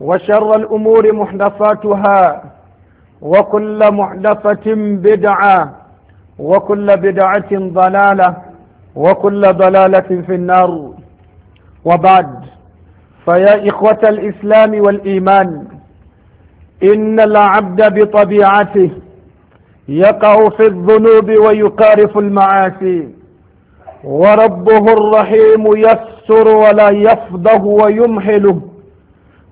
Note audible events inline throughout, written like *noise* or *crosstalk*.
وشر الأمور محدثاتها وكل محدثة بدعة وكل بدعة ضلالة وكل ضلالة في النار وبعد فيا إخوة الإسلام والإيمان إن العبد بطبيعته يقع في الذنوب ويقارف المعاصي وربه الرحيم يسر ولا يفضه ويمهله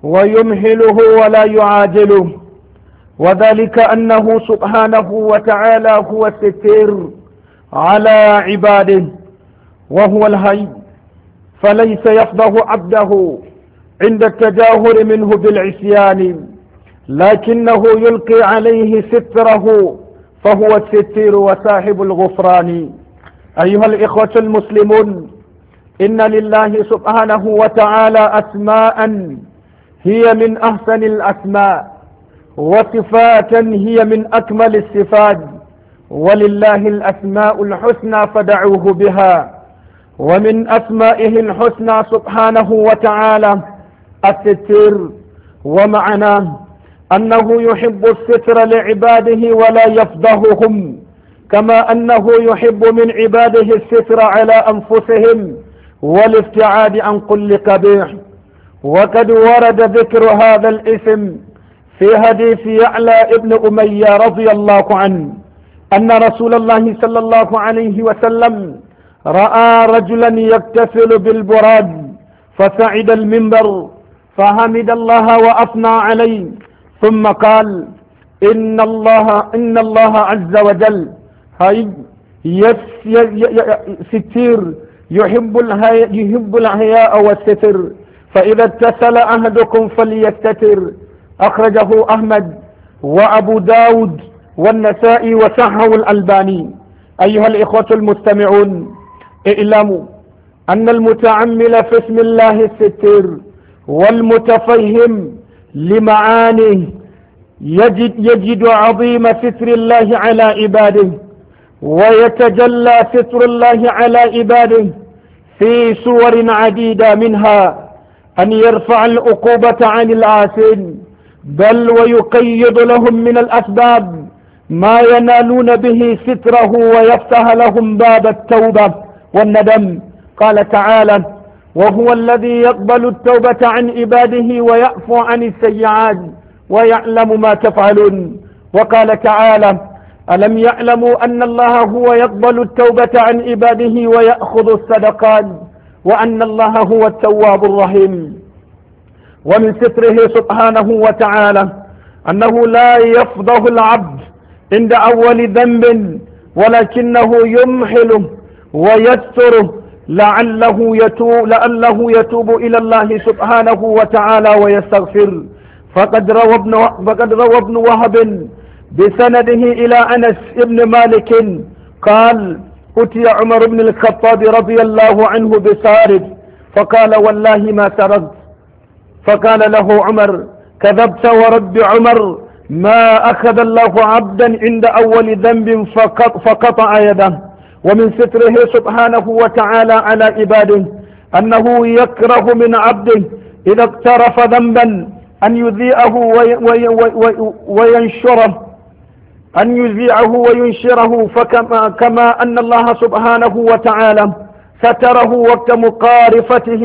ويمهله ولا يعاجله وذلك أنه سبحانه وتعالى هو الستير على عباده وهو الهي فليس يفضه عبده عند التجاهر منه بالعصيان لكنه يلقي عليه ستره فهو الستير وصاحب الغفران أيها الإخوة المسلمون إن لله سبحانه وتعالى أسماءً هي من أحسن الأسماء وصفاتا هي من أكمل الصفات ولله الأسماء الحسنى فدعوه بها ومن أسمائه الحسنى سبحانه وتعالى الستر ومعناه أنه يحب الستر لعباده ولا يفضههم كما أنه يحب من عباده الستر على أنفسهم والافتعاد عن كل قبيح وقد ورد ذكر هذا الاسم في حديث يعلى ابن أمية رضي الله عنه أن رسول الله صلى الله عليه وسلم رأى رجلا يكتفل بالبراد فسعد المنبر فحمد الله وأثنى عليه ثم قال إن الله إن الله عز وجل هاي يستير يحب الهياء والستر فإذا اتسل أحدكم فليستتر أخرجه أحمد وأبو داود والنسائي وسحه الألباني أيها الإخوة المستمعون اعلموا أن المتعمل في اسم الله الستر والمتفهم لمعانيه يجد, يجد عظيم ستر الله على عباده ويتجلى ستر الله على عباده في سور عديدة منها أن يرفع العقوبة عن العاسين بل ويقيد لهم من الأسباب ما ينالون به ستره ويفتح لهم باب التوبة والندم قال تعالى وهو الذي يقبل التوبة عن عباده ويعفو عن السيئات ويعلم ما تفعلون وقال تعالى ألم يعلموا أن الله هو يقبل التوبة عن عباده ويأخذ الصدقات وأن الله هو التواب الرحيم ومن ستره سبحانه وتعالى أنه لا يفضه العبد عند أول ذنب ولكنه يمحله ويستره لعله يتوب, لعله يتوب إلى الله سبحانه وتعالى ويستغفر فقد روى ابن, فقد روى ابن وهب بسنده إلى أنس بن مالك قال أتي عمر بن الخطاب رضي الله عنه بسارد فقال والله ما سرد فقال له عمر كذبت ورب عمر ما أخذ الله عبدا عند أول ذنب فقط فقطع يده ومن ستره سبحانه وتعالى على عباده أنه يكره من عبده إذا اقترف ذنبا أن يذيئه وينشره أن يذيعه وينشره فكما كما أن الله سبحانه وتعالى ستره وقت مقارفته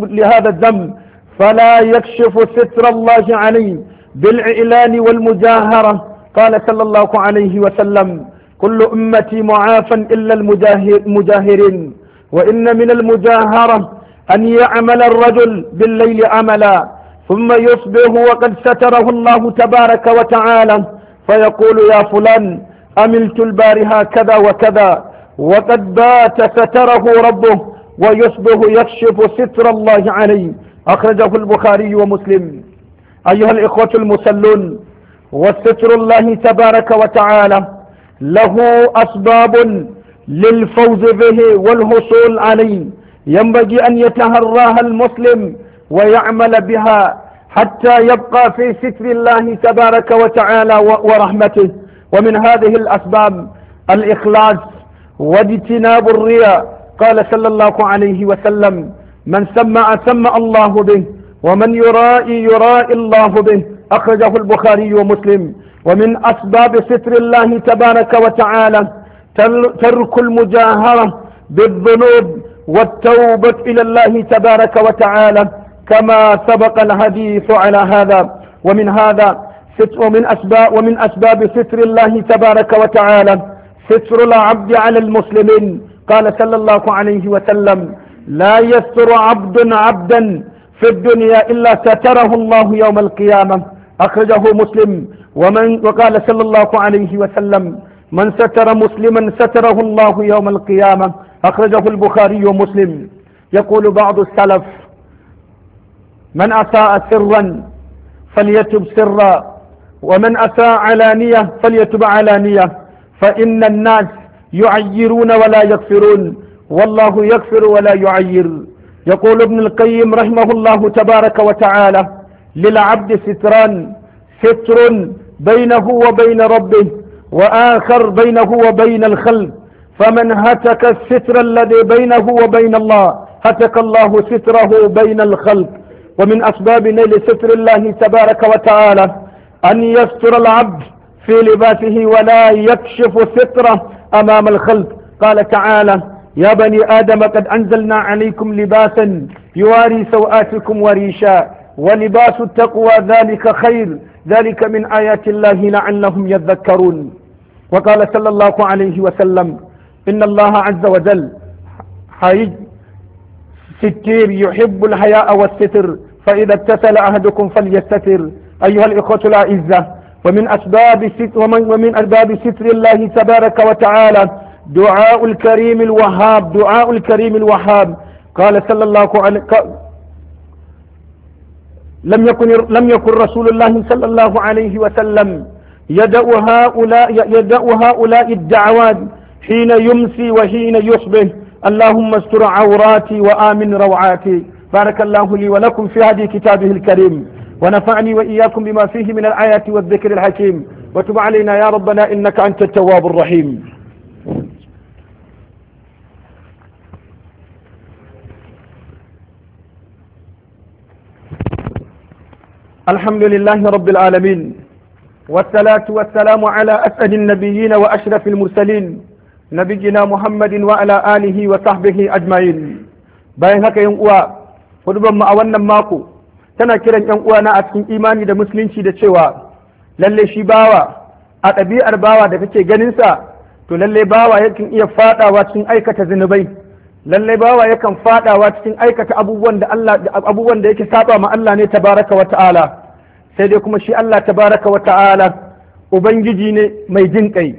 لهذا الذنب فلا يكشف ستر الله عليه بالإعلان والمجاهرة قال صلى الله عليه وسلم كل أمتي معافا إلا المجاهرين وإن من المجاهرة أن يعمل الرجل بالليل عملا ثم يصبح وقد ستره الله تبارك وتعالى فيقول يا فلان أملت البارها كذا وكذا وقد بات ستره ربه ويصبح يكشف ستر الله عليه أخرجه البخاري ومسلم أيها الإخوة المسلون وستر الله تبارك وتعالى له أسباب للفوز به والحصول عليه ينبغي أن يتهراها المسلم ويعمل بها حتى يبقى في ستر الله تبارك وتعالى ورحمته ومن هذه الأسباب الإخلاص واجتناب الرياء قال صلى الله عليه وسلم من سمع سمع الله به ومن يرائي يرائي الله به أخرجه البخاري ومسلم ومن أسباب ستر الله تبارك وتعالى ترك المجاهرة بالذنوب والتوبة إلى الله تبارك وتعالى كما سبق الحديث على هذا ومن هذا ومن أسباب ومن أسباب ستر الله تبارك وتعالى ستر العبد على المسلمين قال صلى الله عليه وسلم لا يستر عبد عبدا في الدنيا إلا ستره الله يوم القيامة أخرجه مسلم ومن وقال صلى الله عليه وسلم من ستر مسلما ستره الله يوم القيامة أخرجه البخاري ومسلم يقول بعض السلف من أساء سرا فليتب سرا ومن أساء علانية فليتب علانية فإن الناس يعيرون ولا يغفرون والله يغفر ولا يعير يقول ابن القيم رحمه الله تبارك وتعالى للعبد ستران ستر بينه وبين ربه وآخر بينه وبين الخلق فمن هتك الستر الذي بينه وبين الله هتك الله ستره بين الخلق ومن أسباب نيل ستر الله تبارك وتعالى أن يستر العبد في لباسه ولا يكشف ستره أمام الخلق قال تعالى يا بني آدم قد أنزلنا عليكم لباسا يواري سوآتكم وريشا ولباس التقوى ذلك خير ذلك من آيات الله لعلهم يذكرون وقال صلى الله عليه وسلم إن الله عز وجل حيج ستير يحب الحياء والستر فإذا اتسل أحدكم فليستتر أيها الإخوة الأعزة ومن أسباب ستر ومن, ومن أسباب ستر الله تبارك وتعالى دعاء الكريم الوهاب دعاء الكريم الوهاب قال صلى الله عليه لم يكن لم يكن رسول الله صلى الله عليه وسلم يدأ هؤلاء يدأ هؤلاء الدعوات حين يمسي وحين يصبح اللهم استر عوراتي وآمن روعاتي بارك الله لي ولكم في هذه كتابه الكريم ونفعني وإياكم بما فيه من الآيات والذكر الحكيم وتب علينا يا ربنا إنك أنت التواب الرحيم الحمد لله رب العالمين والصلاة والسلام على أسعد النبيين وأشرف المرسلين muhammadin wa ala alihi wa sahbihi ajma'in bayan haka yan uwa hudubanmu a wannan mako tana kiran yan uwa na a cikin imani da musulunci da cewa lalle shi bawa a ɗabi'ar bawa da kake ganin sa to lalle bawa yakan iya fadawa cikin aikata zinubai lalle bawa yakan fadawa cikin aikata abubuwan da Allah abubuwan yake saba ma Allah ne tabaraka wa ta'ala sai dai kuma shi Allah tabaraka wa ta'ala ubangiji ne mai jin kai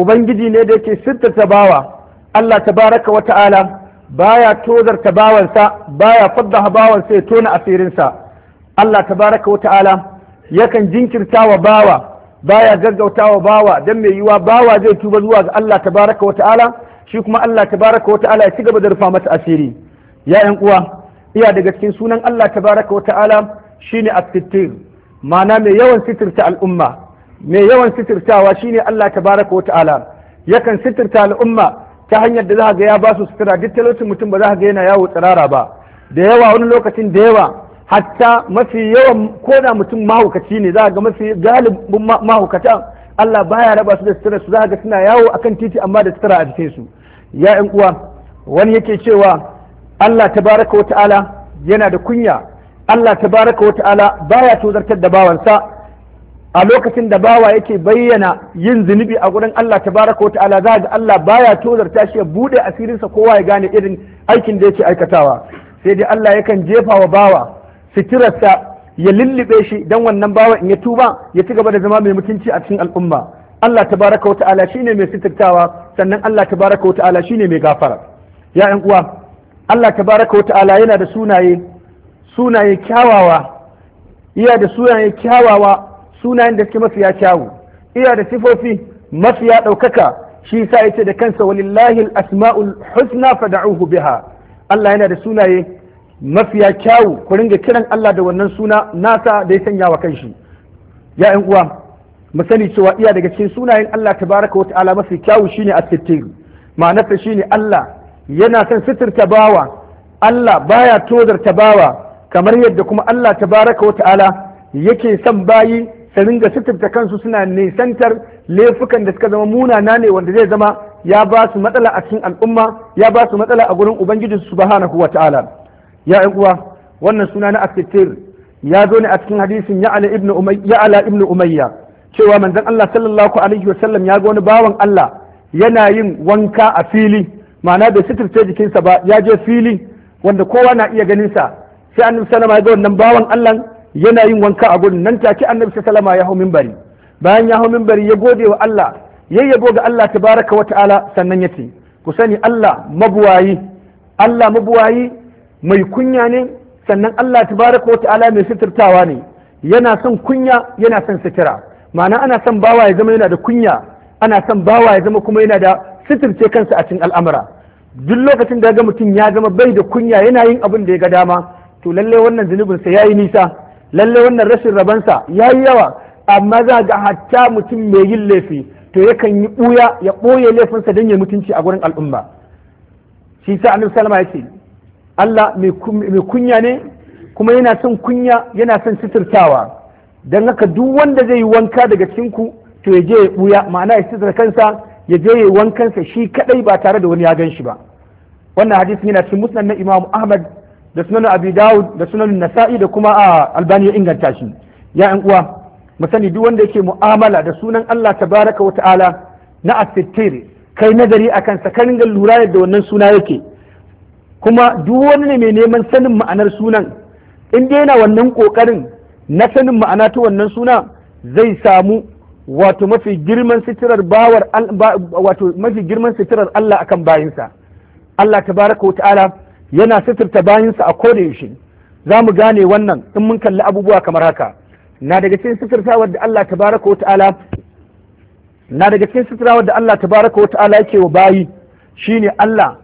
ubangiji ne da yake ta bawa Allah tabaraka wa ta'ala baya tozarta bawansa baya faddaha bawansa ya tona asirinsa Allah tabaraka wa ta'ala yakan jinkirta wa bawa baya wa bawa dan mai yiwa bawa zai tuba zuwa ga Allah tabaraka wa ta'ala shi kuma Allah tabaraka wa ta'ala ya ci gaba da rufa masa asiri ya yan uwa iya daga cikin sunan Allah tabaraka wa ta'ala shine as-sittir ma'ana mai yawan sitirta al'umma mai yawan shi shine Allah tabaraka wa ta'ala yakan siturta al'umma ta hanyar da za ga ya basu sutura duk talaucin mutum ba za ga yana yawo tsirara ba da yawa wani lokacin da yawa hatta mafi yawan koda mutum mahaukaci ne za ga mafi galibin mahaukatan Allah baya raba su da sutura su za ga suna yawo akan titi amma da sutura a jikin su ya uwa wani yake cewa Allah tabaraka wa ta'ala yana da kunya Allah tabaraka wa ta'ala baya tozartar da bawansa a lokacin da bawa yake bayyana yin zunubi a gurin Allah tabaraka wa ta'ala za ga Allah baya tozarta shi ya bude asirinsa kowa ya gane irin aikin da yake aikatawa sai dai Allah yakan jefa wa bawa sitirarsa ya lullube shi dan wannan bawa in ya tuba ya ci gaba da zama mai mutunci a cikin al'umma Allah tabaraka wa ta'ala shine mai sitirtawa sannan Allah tabaraka wa ta'ala shine mai gafara ya ƴan uwa Allah tabaraka wa ta'ala yana da sunaye sunaye kyawawa iya da sunaye kyawawa sunayen da suke mafiya kyawu iya da sifofi mafiya ɗaukaka shi sa ya ce da kansa walillahi asma'ul husna fad'uhu biha Allah yana da sunaye mafiya kyawu ku ringa kiran Allah da wannan suna nasa da ya sanya wa kanshi ya ƴan uwa mu sani cewa iya daga cikin sunayen Allah tabaraka wa ta'ala mafi kyawu shine as-sittir ma'anarsa shine Allah yana son sitirta bawa Allah baya tozarta bawa kamar yadda kuma Allah tabaraka wa ta'ala yake son bayi su ringa suturta kansu suna nisantar laifukan da suka zama munana ne wanda zai zama ya ba su matsala a cikin al'umma ya ba su matsala a gurin ubangiji subhanahu wa ta'ala ya 'yan uwa wannan suna na asitir ya zo ne a cikin hadisin ya ala ibnu umayya cewa manzon Allah sallallahu alaihi wa sallam ya ga wani bawan Allah yana yin wanka a fili ma'ana bai suturce jikinsa ba ya je fili wanda kowa na iya ganin sa sai annabi sallama ya ga wannan bawan Allah yana yin wanka a gudun nan take annabi salama ya hau minbari bayan ya hau minbari ya gode wa Allah ya yabo ga Allah tabaraka wa ta'ala sannan ya ce ku sani Allah mabuwayi Allah mabuwayi mai kunya ne sannan Allah tabaraka wa ta'ala mai suturtawa ne yana son kunya yana son sutura ma'ana ana son bawa ya zama yana da kunya ana son bawa ya zama kuma yana da suturce kansa a cikin al'amura duk lokacin da ga mutum ya zama bai da kunya yana yin abin da ya ga dama to lallai wannan zunubin sa yayi nisa lalle wannan rashin rabansa ya yi yawa amma za ga hatta mutum mai yin laifi to yakan yi ɓuya ya ɓoye laifinsa don ya mutunci a gurin al'umma shi sa annabi salama ya ce Allah mai kunya ne kuma yana son kunya yana son suturtawa don haka duk wanda zai yi wanka daga cikinku to ya je ya ɓuya ma'ana ya sutura kansa ya je ya yi wankansa shi kadai ba tare da wani ya gan shi ba wannan hadisi yana cikin musnad na Imam Ahmad da sunan abi dawud da sunan nasa'i da kuma a albani ya inganta shi ya yan uwa mu sani duk wanda yake mu'amala da sunan Allah tabaraka wa ta'ala na asittir kai nazari akan sa kan ga lura yadda wannan suna yake kuma duk wani ne mai neman sanin ma'anar sunan in dai yana wannan kokarin na sanin ma'ana ta wannan suna zai samu wato mafi girman sitirar bawar wato mafi girman sitirar Allah akan bayinsa Allah tabaraka wa ta'ala yana sitirta bayansa a koda yaushe za mu gane wannan in mun kalli abubuwa kamar haka na daga cikin sitirtawar da Allah tabaraka wa ta'ala na daga cikin da Allah tabaraka wa ta'ala yake wa bayi shine Allah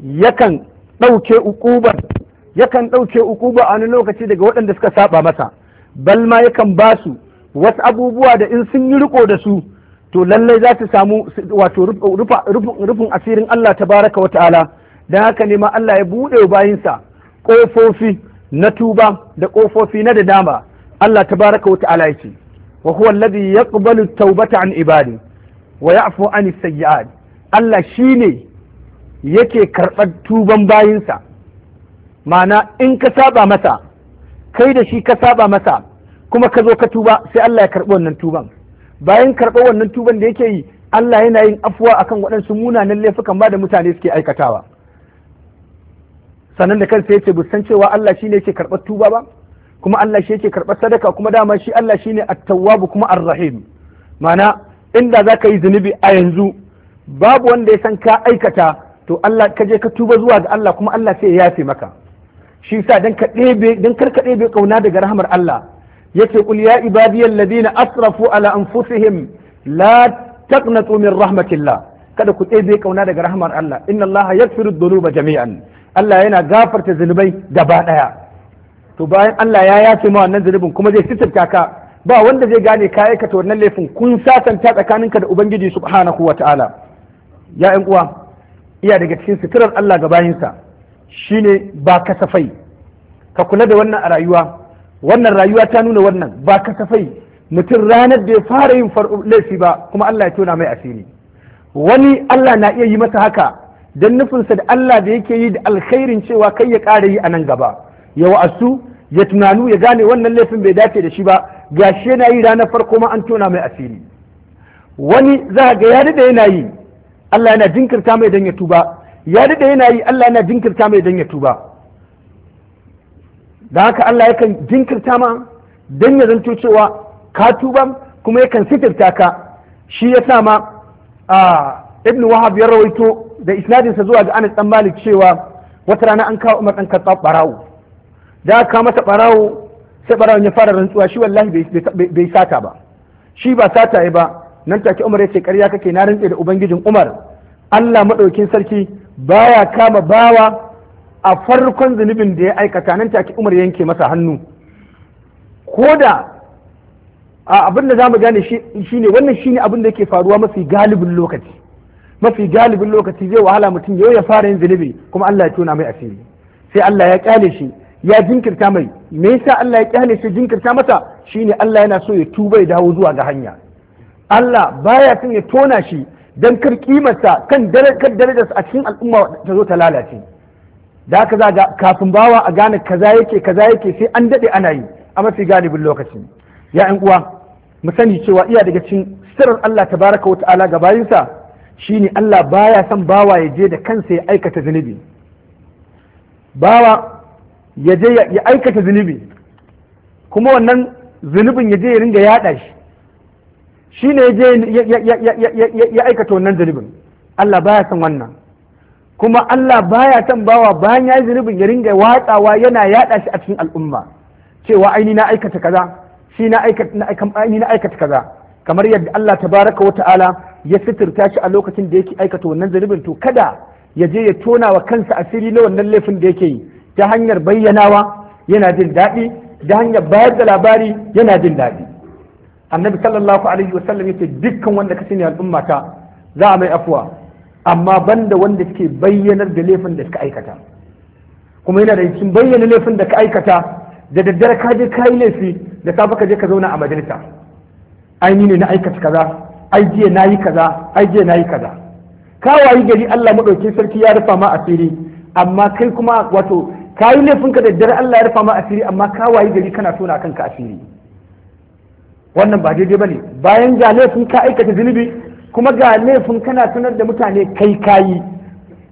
yakan ɗauke ukubar yakan ɗauke ukuba a wani lokaci daga waɗanda suka saba masa balma yakan ba su wasu abubuwa da in sun yi riko da su to lallai za su samu wato rufin asirin Allah tabaraka wa ta'ala da haka ne ma Allah ya buɗe bayinsa ƙofofi na tuba da ƙofofi na da dama Allah ta wa ta'ala yake wa huwa alladhi yaqbalu tawbata an ibadi wa ya'fu an sayyi'at Allah shine yake karɓar tuban bayinsa ma'ana in ka saba masa kai da shi ka saba masa kuma ka zo ka tuba sai Allah ya karɓi wannan tuban bayan karɓar wannan tuban da yake yi Allah yana yin afuwa akan waɗansu munanan laifukan ba da mutane suke aikatawa sannan da kansa yace bu san cewa Allah shine yake karɓar tuba ba kuma Allah shi yake karɓar sadaka kuma dama shi Allah shine at-tawwab kuma ar-rahim ma'ana inda ka yi zunubi a yanzu babu wanda ya san ka aikata to Allah ka je ka tuba zuwa ga Allah kuma Allah sai ya yafe maka shi yasa dan ka ɗebe dan karka ɗebe kauna daga rahamar Allah yace kul ya ibadiyal ladina asrafu ala anfusihim la taqnatu min rahmatillah kada ku ɗebe kauna daga rahamar Allah inna Allah yaghfiru dhunuba jami'an Allah yana gafarta zunubai gaba ɗaya to bayan Allah ya yace ma wannan zunubin kuma zai sitirta ka ba wanda zai gane ka aikata wannan laifin kun satanta tsakaninka da ubangiji subhanahu wata'ala ya ƴan uwa iya daga cikin suturar Allah ga bayinsa shine ba kasafai ka kula da wannan a rayuwa wannan rayuwa ta nuna wannan ba kasafai mutum ranar da ya fara yin laifi ba kuma Allah ya tona mai asiri wani Allah na iya yi masa haka Don nufinsa da Allah da yake yi da alkhairin cewa kai ya ƙara yi a nan gaba ya wa'asu ya tunanu ya gane wannan laifin bai dace da shi ba gashi yana yi ranar farko ma an tona mai asiri wani za ga ya da yana yi Allah yana jinkirta mai don ya tuba ya da yana yi Allah yana jinkirta mai don ya tuba da haka Allah yakan jinkirta ma don ya zanto cewa ka tuba kuma yakan sitirta ka shi ya sa ma a ah, ibn wahab ya rawaito da isnadinsa zuwa ga Anas dan Malik cewa wata rana an kawo Umar dan Khattab barawo da aka mata barawo sai barawon ya fara rantsuwa shi wallahi bai sata ba shi ba sata ba nan take Umar ya ce ƙarya kake na rantse da ubangijin Umar Allah madaukin sarki baya kama bawa a farkon zunubin da ya aikata nan take Umar yanke masa hannu koda da abin da za mu gane shi ne wannan shine abin da yake faruwa mafi galibin lokaci mafi galibin lokaci zai wahala mutum yau ya fara yin zunubi kuma Allah ya tona mai asiri sai Allah ya kyale shi ya jinkirta mai me yasa Allah ya kyale shi jinkirta masa shine Allah yana so ya tuba ya dawo zuwa ga hanya Allah baya son ya tona shi dan kar kimarsa kan darajar darajarsa a cikin al'umma ta zo ta lalace da haka za ga kafin bawa a gane kaza yake kaza yake sai an dade ana yi a mafi galibin lokaci ya uwa mu sani cewa iya daga cikin sirrin Allah tabaraka wa ta'ala ga bayinsa shine Allah baya son bawa ya je da kansa ya aikata zunubi bawa ya je ya aikata zunubi kuma wannan zunubin ya je ya ringa yaɗa shi shi ne ya je ya aikata wannan zunubin Allah baya son wannan kuma Allah baya son bawa bayan ya yi zunubin ya ringa watsawa yana yaɗa shi a cikin al'umma cewa aini na aikata kaza shi na aikata kaza kamar yadda Allah tabaraka wa ta'ala ya sitirta shi a lokacin da yake aikata wannan zunubin to kada ya je ya tona wa kansa asiri na wannan laifin da yake yi ta hanyar bayyanawa yana jin daɗi da hanyar bayar da labari yana jin daɗi annabi sallallahu alaihi wasallam yake dukkan wanda ka sani al'umma ta za a mai afuwa amma banda wanda suke bayyanar da laifin da suka aikata kuma yana da cikin bayyana laifin da ka aikata da daddare ka je ka yi laifi da safe ka je ka zauna a majalisa ai ni ne na aikata kaza ai jiya nayi kaza ai jiya nayi kaza ka wayi gari Allah madauki sarki ya rufa ma asiri amma kai kuma wato kayi laifin ka da dare Allah ya rufa ma asiri amma ka wayi gari kana tona kanka asiri wannan ba daidai bane bayan ga laifin ka aikata zunubi kuma ga laifin kana sanar da mutane kai kayi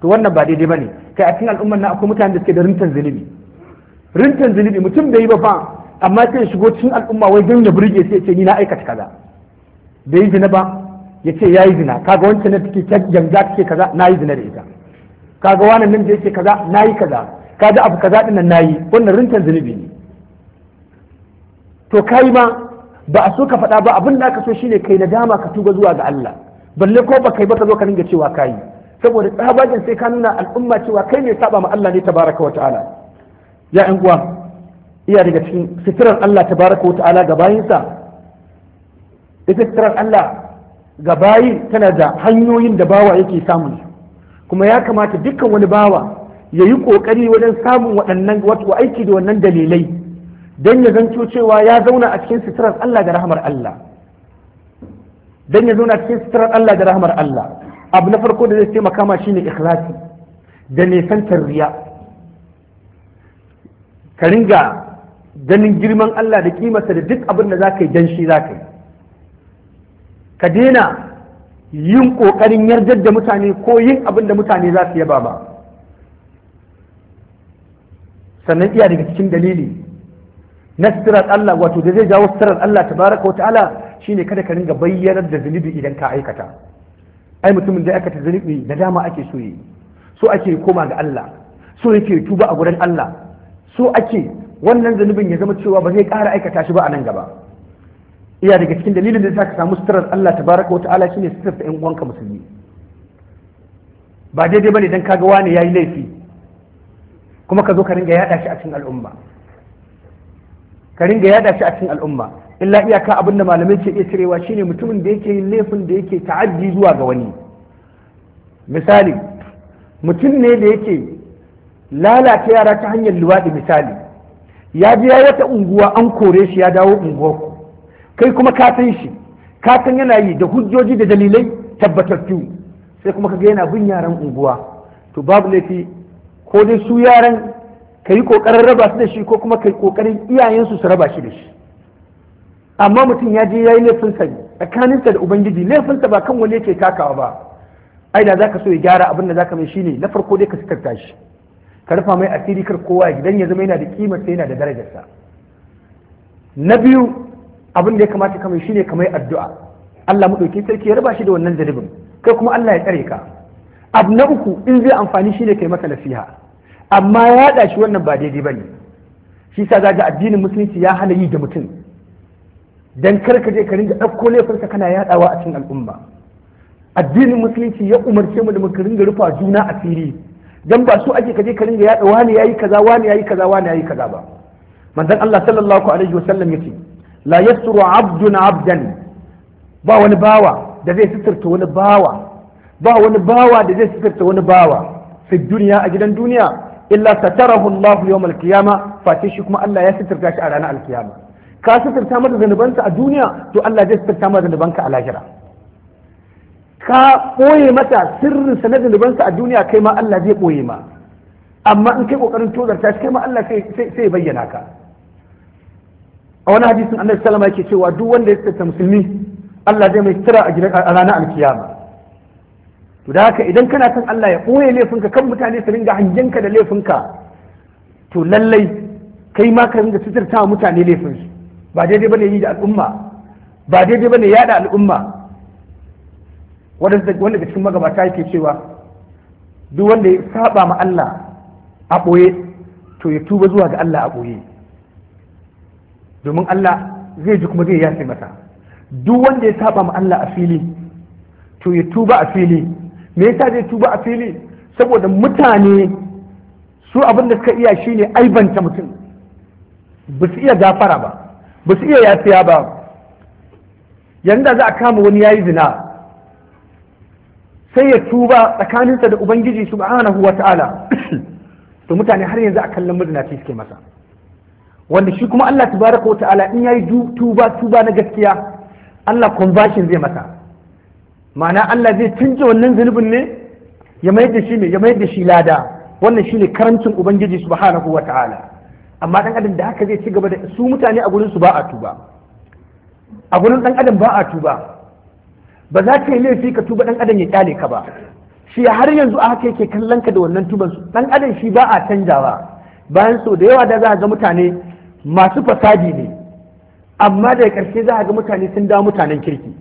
to wannan ba daidai bane kai a cikin al'ummar na akwai mutane da suke da rintan zunubi rintan zunubi mutum bai yi ba fa amma sai shigo cikin al'umma wai don ya burge sai ce ni na aikata kaza bai yi zina ba ya ce ya yi zina kaga wancan na take yanga take kaza na yi zina da ita kaga wannan nan da yake kaza na yi kaza kaga abu kaza din nan na yi wannan rintan zunubi ne to kai ma ba a so ka faɗa ba abin da aka so shine kai na dama ka tuba zuwa ga Allah balle ko ba kai ba ka zo ka ringa cewa kai saboda tsabagen sai ka nuna al'umma cewa kai ne saba ma Allah ne tabaraka wa ta'ala ya uwa iya daga cikin sitirar Allah tabaraka wa ta'ala ga bayinsa ita tarar Allah ga bayi tana da hanyoyin da bawa yake samun kuma ya kamata dukkan wani bawa ya yi ƙoƙari wajen samun waɗannan wato aiki da wannan dalilai don ya zanto cewa ya zauna a cikin suturar Allah da rahamar Allah don ya zauna a cikin suturar Allah da rahamar Allah abu na farko da zai taimaka ma shine ikhlasi da nisantar riya ka ringa ganin girman Allah da kimarsa da duk abin da za ka yi don shi za ka yi ka daina yin ƙoƙarin yarjar da mutane ko yin abin da mutane za su yaba ba sannan iya daga cikin dalili na sirar Allah wato da zai jawo sirar Allah ta baraka wa ta'ala ne kada ka ringa bayyanar da zunubi idan ka aikata ai mutumin da aikata zunubi da dama ake so yi so ake koma ga Allah so yake tuba a gurin Allah so ake wannan zunubin ya zama cewa ba zai ƙara aikata shi ba a nan gaba iya daga cikin dalilin da sa ka samu sutarar Allah ta baraka tabaraka ala shine sutar ta yan uwanka musulmi ba daidai bane dan kaga wani yayi laifi kuma ka zo ka ringa yada shi a cikin al'umma ka ringa yada shi a cikin al'umma illa iyaka abin da malamai ke iya cirewa shine mutumin da yake yin laifin da yake ta'addi zuwa ga wani misali mutum ne da yake lalata yara ta hanyar luwaɗi misali ya biya wata unguwa an kore shi ya dawo unguwarku kai kuma ka san shi ka san yana yi da hujjoji da dalilai tabbatattu sai kuma ka ga yana bin yaran unguwa to babu laifi ko dai su yaran ka yi kokarin raba su da shi ko kuma ka yi kokarin iyayensu su raba shi da shi amma mutum ya je ya yi laifinsa tsakaninsa da ubangiji laifinsa ba kan wani yake takawa ba ai da zaka so ya gyara abin da zaka mai shine na farko dai ka sitarta tashi ka rufa mai asiri kar kowa ya gidan ya zama yana da kimar sai yana da darajarsa na biyu abin da ya kamata kamar shine kamar addu'a Allah mu dauki sarki ya raba shi da wannan jaribin kai kuma Allah ya tsare ka abu na uku in zai amfani shi ne kai maka nasiha amma ya haɗa shi wannan ba daidai bane shi sa zaga addinin musulunci ya hana yi da mutum dan kar ka je ka ringa ɗauko laifinsa kana yaɗawa a cikin al'umma addinin musulunci ya umarce mu da mu ringa rufa juna a asiri dan ba su ake ka je ka ringa yaɗa wani yayi kaza wani yayi kaza wani yayi kaza ba manzon Allah sallallahu alaihi wasallam yace la yasturu abdun abdan ba wani bawa da zai suturta wani bawa ba wani bawa da zai suturta wani bawa fi duniya a gidan duniya illa satarahu Allah yawm al-qiyama shi kuma Allah ya suturta shi a ranar al-qiyama ka suturta mata zanubanka a duniya to Allah zai suturta mata zanubanka a lahira ka ɓoye mata sirrin na zanubansa a duniya kai ma Allah zai ɓoye ma amma in kai kokarin tozarta shi kai ma Allah sai bayyana ka a wani hadisin annabi sallama yake cewa duk wanda ya tsaya musulmi Allah zai mai tsira a ranar alkiyama to da haka idan kana son Allah ya ɓoye laifinka kan mutane su ringa hangenka da laifinka to lallai kai ma ka ringa sutarta wa mutane su, ba daidai bane yi da al'umma ba daidai bane yada al'umma wanda daga cikin magabata yake cewa duk wanda ya saba ma Allah a boye to ya tuba zuwa ga Allah a boye domin Allah zai ji kuma zai yafe masa duk wanda ya saba ma Allah a fili to ya tuba a fili me yasa zai tuba a fili saboda mutane su abin da suka iya shine aibanta mutum ba su iya gafara ba ba su iya yafiya ba yanzu da za a kama wani ya yi zina sai ya tuba tsakaninsa da ubangiji subhanahu huwa ta'ala *coughs* to mutane har yanzu a kallon mazinaci suke masa wanda shi kuma Allah tabaraka wa ta'ala in yayi tuba tuba na gaskiya Allah conversion zai masa ma'ana Allah zai canja wannan zunubin ne ya mayar da shi ne ya mayar da shi lada wannan shine karancin ubangiji subhanahu wa ta'ala amma dan adam da haka zai ci gaba da su mutane a gurin su ba a tuba a gurin dan adam ba a tuba ba za ka yi laifi ka tuba dan adam ya kyale ka ba shi har yanzu a haka yake kallon ka da wannan tuban su dan adam shi ba a canjawa bayan so da yawa da za ga mutane masu fasadi ne amma da ƙarshe za a ga mutane sun dawo mutanen kirki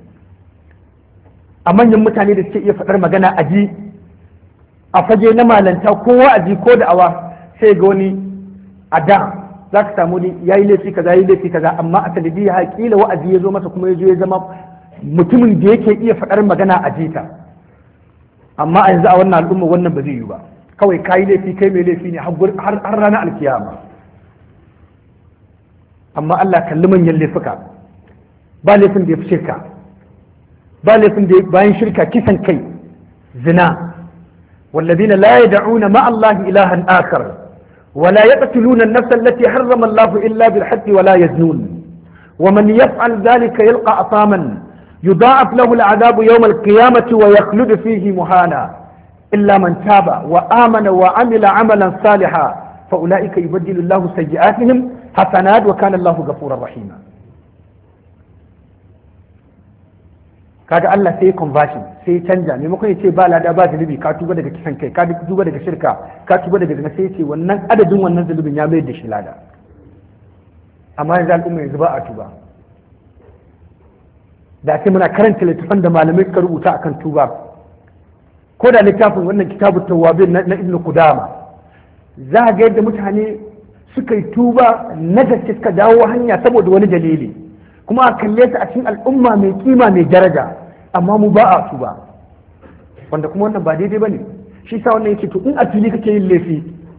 a manyan mutane da suke iya faɗar magana a ji a fage na malanta a ji ko da awa sai ga wani a da za ka samu ya yi laifi kaza ya yi laifi kaza amma a sanadiyya haƙila wa'azi ya zo masa kuma ya zo ya zama mutumin da yake iya faɗar magana a jita amma a yanzu a wannan al'umma wannan ba zai yi ba kawai ka yi laifi kai mai laifi ne har ranar alkiyama amma Allah kalli manyan laifuka ba laifin da ya fi shirka ba laifin da bayan shirka kisan kai zina والذين لا يدعون مع الله إلها آخر ولا يقتلون النفس التي حرم الله إلا بالحق ولا يزنون ومن يفعل ذلك يلقى أطاما يضاعف له العذاب يوم القيامة ويخلد فيه مهانا إلا من تاب وآمن وعمل عملا صالحا فأولئك يبدل الله سيئاتهم hasanat wa kana Allahu ghafurur rahima kaga Allah sai conversion sai canja maimakon ya ce ba lada ba zunubi ka tuba daga kisan kai ka tuba daga shirka ka tuba daga zina sai ce wannan adadin wannan zunubin ya bai da shi lada amma yanzu al'umma yanzu ba a tuba da sai muna karanta littafin da malamai suka rubuta akan tuba ko da littafin wannan kitabun tawabin na ibnu kudama za ga yadda mutane suka yi tuba na gaske suka dawo hanya saboda wani dalili kuma a kalle ta a cikin al'umma mai kima mai daraja amma mu ba a tuba wanda kuma wannan ba daidai bane shi sa wannan yake to in a fili kake yin laifi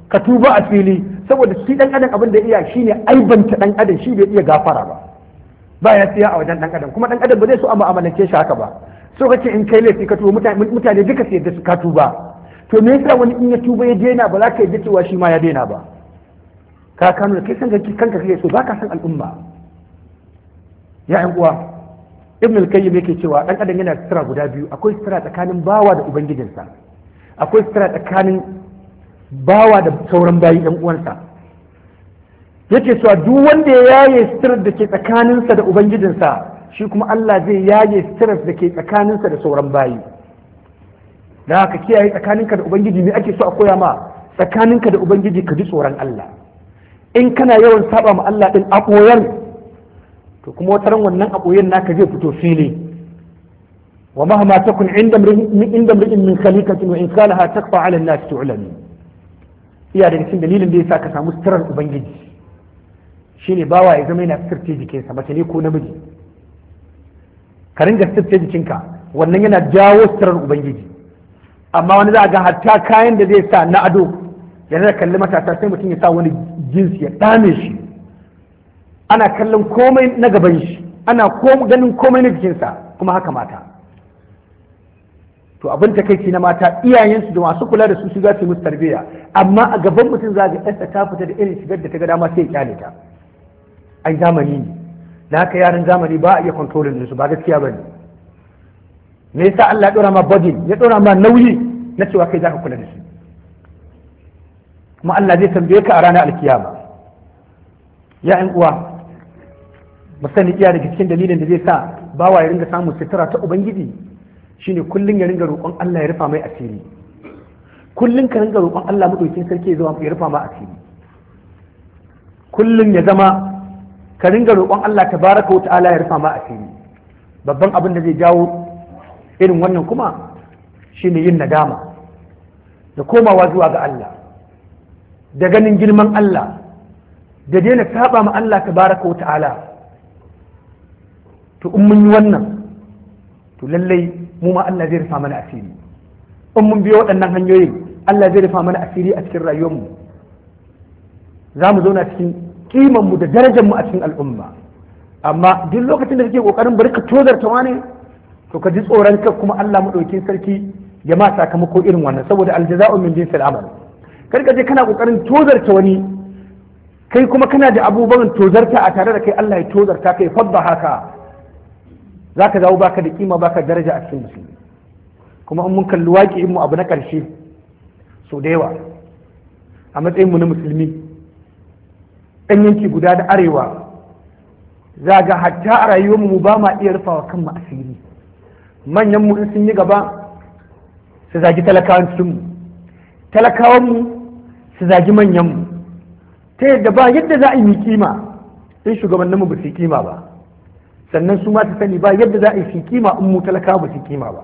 ka tuba a fili saboda shi dan adam abin da iya shine aibanta dan adam shi bai iya gafara ba ba ya siya a wajen dan adam kuma dan adam ba zai so a mu'amalance shi haka ba so kace in kai laifi ka tuba mutane duka su yadda su ka tuba to me yasa wani in ya tuba ya daina ba za ka yadda cewa shi ma ya daina ba ka kano kisan kanka kanka kake so baka san al'umma ya yan uwa ibn al kayyim yake cewa dan adam yana sutura guda biyu akwai sutura tsakanin bawa da ubangijinsa akwai sutura tsakanin bawa da sauran bayi yan uwansa yake cewa duk wanda ya yaye sutura da ke tsakaninsa da ubangijinsa shi kuma Allah zai yaye sutura da ke tsakaninsa da sauran bayi da haka kiyaye tsakaninka da ubangiji me ake so a koya ma tsakaninka da ubangiji ka ji tsoron Allah in kana yawan saba ma Allah din a to kuma wataran wannan a naka zai fito fili wa mahama takun inda mri'in min khaliqatin wa in salaha takfa 'ala an-nas tu'lami iya da cikin dalilin da yasa ka samu sutarar ubangiji shine bawa ya zama yana sirce jikinsa mace ne ko namiji ka ringa sirce jikinka wannan yana jawo sutarar ubangiji amma wani za a ga hatta kayan da zai sa na ado yanzu da kalli matasa sai mutum ya sa wani jinsi ya dame shi ana kallon komai na gaban shi ana ganin komai na jikinsa kuma haka mata to abin takaici na mata iyayensu da masu kula da su su za su musu tarbiyya amma a gaban mutum za ga ɗansa ta fita da irin shigar da ta ga dama sai ya kyale ta ai zamani ne na haka yaran zamani ba a iya kontrolin su ba gaskiya ba ne me yasa Allah ya ɗora ma bodin ya ɗora ma nauyi na cewa kai za ka kula da shi. kuma Allah zai tambaye ka a ranar alkiyama ya ƴan uwa mu sani iya daga cikin dalilin da zai sa bawa ya ringa samun sitara ta ubangiji shine kullum ya ringa roƙon Allah ya rufa mai asiri kullum ka ringa roƙon Allah madaukin sarki ya zama ya rufa ma asiri kullum ya zama ka ringa roƙon Allah tabaraka wa ta'ala ya rufa ma asiri babban abin da zai jawo irin wannan kuma shine yin nadama da komawa zuwa ga Allah da ganin girman Allah da daina saba ma Allah tabaraka wa ta'ala to in mun yi wannan to lallai mu ma Allah zai rufa mana asiri in mun biyo waɗannan hanyoyin Allah zai rufa mana asiri a cikin rayuwarmu za mu zauna cikin kimanmu da darajarmu a cikin al'umma amma duk lokacin da kake kokarin bari ka tozarta wane, to ka ji tsoron ka kuma Allah madaukin sarki ya ma sakamako irin wannan saboda aljaza'u min jinsil amal karka je kana kokarin tozarta wani kai kuma kana da abubuwan tozarta a tare da kai Allah ya tozarta kai fadda haka zaka dawo baka da kima baka daraja a cikin musulmi kuma in mun kalli in mu abu na ƙarshe so da yawa a matsayin mu na musulmi ɗan yanki guda da arewa za ga hatta a rayuwarmu mu ba ma iya rufawa kanmu asiri manyan mu sun yi gaba su zagi talakawan cikin mu talakawan mu su zagi manyanmu ta yadda ba yadda za a yi kima sai shugabanninmu ba su kima ba sannan su ma su sani ba yadda za a yi kima in mu talaka ba su kima ba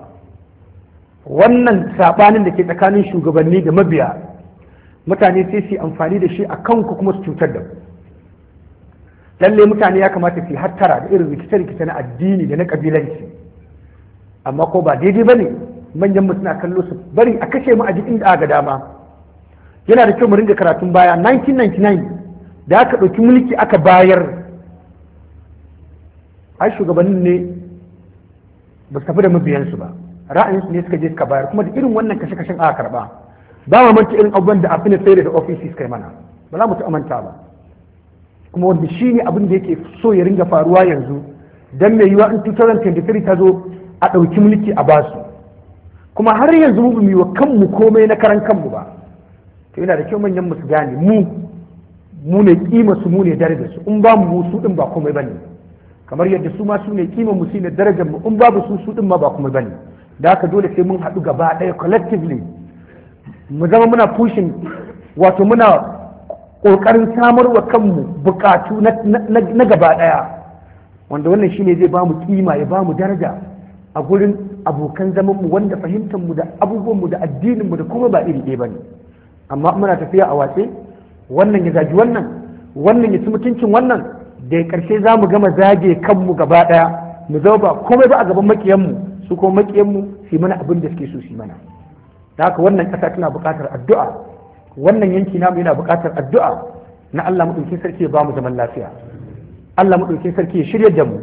wannan sabanin da ke tsakanin shugabanni da mabiya mutane sai su amfani da shi a kanku kuma su cutar da ku lalle mutane ya kamata su hattara da irin rikice-rikice na addini da na kabilanci amma ko ba daidai ba ne manyan mutum suna kallo su bari a kashe mu a da a ga dama yana da kyau mu ringa karatun baya 1999 da aka ɗauki mulki aka bayar ai shugabannin ne ba su tafi da mabiyansu ba ra'ayinsu ne suka je suka bayar kuma da irin wannan kashe-kashen aka karba ba mu manta irin abubuwan da afin sai da ofisi suka yi mana ba za mu ta amanta ba kuma wanda shi ne abin da yake so ya ringa faruwa yanzu dan mai yiwa in 2023 ta zo a ɗauki mulki a basu kuma har yanzu mu bi wa kanmu komai na karan kanmu ba to yana da kyau manyan musu gane mu mu ne kima su mu ne darajar su in ba mu su din ba komai bane kamar yadda su ma su ne kima mu su ne darajar mu in ba su su din ma ba komai bane da haka dole sai mun haɗu gaba ɗaya collectively mu zama muna pushing wato muna ƙoƙarin samar wa kanmu buƙatu na gaba ɗaya wanda wannan shine zai ba mu kima ya ba mu daraja a gurin abokan zamanmu wanda fahimtar mu da abubuwanmu da addininmu da kuma ba iri ɗaya ba ne amma muna tafiya a wace wannan ya zagi wannan wannan ya ci mutuncin wannan da karshe za mu gama zage kanmu gaba daya mu zama ba komai ba a gaban makiyanmu su kuma makiyanmu su mana abin da suke so su mana da haka wannan ƙasa tana buƙatar addu'a wannan yanki namu yana buƙatar addu'a na Allah maɗaukin sarki ya ba mu zaman lafiya Allah maɗaukin sarki ya shirya da mu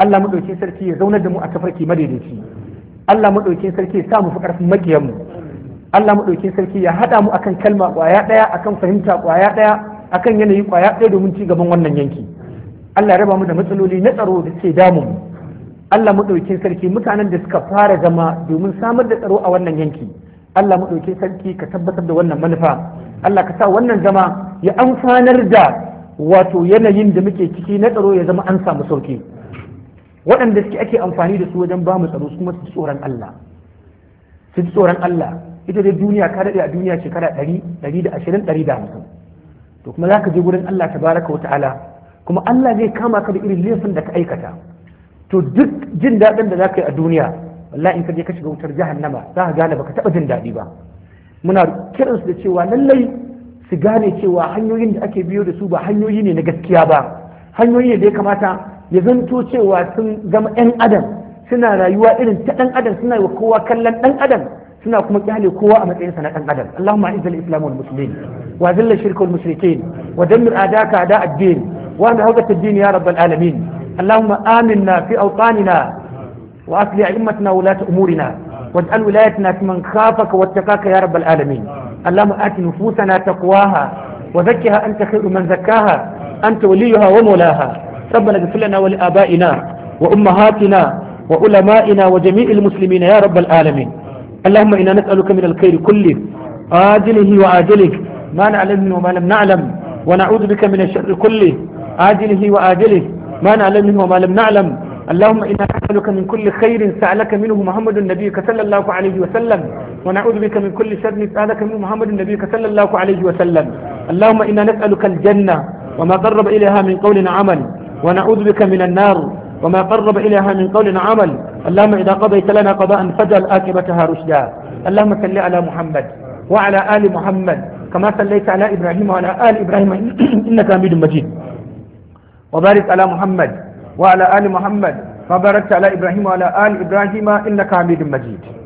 Allah maɗaukin sarki ya zaunar da mu a tafarki madaidaici Allah maɗaukin sarki ya sa mu fi ƙarfin makiyanmu Allah maɗauki sarki ya haɗa mu akan kalma ƙwaya ɗaya akan fahimta ƙwaya ɗaya akan yanayi ƙwaya ɗaya domin ci gaban wannan yanki Allah raba mu da matsaloli na tsaro da ke damun mu Allah maɗauki sarki mutanen da suka fara zama domin samar da tsaro a wannan yanki Allah maɗauki sarki ka tabbatar da wannan manufa Allah ka sa wannan zama ya amfanar da wato yanayin da muke ciki na tsaro ya zama an samu sauki waɗanda suke ake amfani da su wajen ba mu tsaro su kuma su tsoron Allah su tsoron Allah ita dai duniya ka daɗe a duniya shekara ɗari ɗari da ashirin ɗari da hamsin to kuma za ka je wurin Allah tabaraka wa ta'ala kuma Allah zai kama ka da irin laifin da ka aikata to duk jin daɗin da za ka yi a duniya wallahi in ka je ka shiga wutar jahannama za ka gane baka taɓa jin daɗi ba muna kiran su da cewa lallai su gane cewa hanyoyin da ake biyo da su ba hanyoyi ne na gaskiya ba hanyoyi ne da ya kamata ya zanto cewa sun zama 'yan adam suna rayuwa irin ta ɗan adam suna yi wa kowa kallon ɗan adam suna kuma kyale kowa a matsayin sa na dan adam Allahumma izzil islam wal muslimin wa zilla shirku wal mushrikeen wa dammir adaka ada ad-din wa anta hawqat ad-din ya rabbal alamin Allahumma aminna fi awtanina wa asli a'immatina wa lat umurina wa al wilayatina fi man khafaka wa ttaqaka ya rabbal alamin Allahumma ati nufusana taqwaha wa zakkiha anta khairu man zakkaha anta waliyuha wa mawlaha ربنا اغفر لنا ولابائنا وامهاتنا jami'in وجميع المسلمين يا رب العالمين اللهم إنا نسألك من الخير كله آجله وآجله ما نعلم وما لم نعلم ونعوذ بك من الشر كله آجله وآجله ما نعلم وما لم نعلم اللهم إنا نسألك من كل خير سألك منه محمد نبيك صلى الله عليه وسلم ونعوذ بك من كل شر سألك منه محمد نبيك صلى الله عليه وسلم اللهم إنا نسألك الجنة وما قرب إليها من قول عمل ونعوذ بك من النار وما قرب إليها من قول عمل اللهم إذا قضيت لنا قضاء فجل آكبتها رشدا اللهم صل على محمد وعلى آل محمد كما صليت على إبراهيم وعلى آل إبراهيم إنك حميد مجيد وبارك على محمد وعلى آل محمد وباركت على إبراهيم وعلى آل إبراهيم إنك حميد مجيد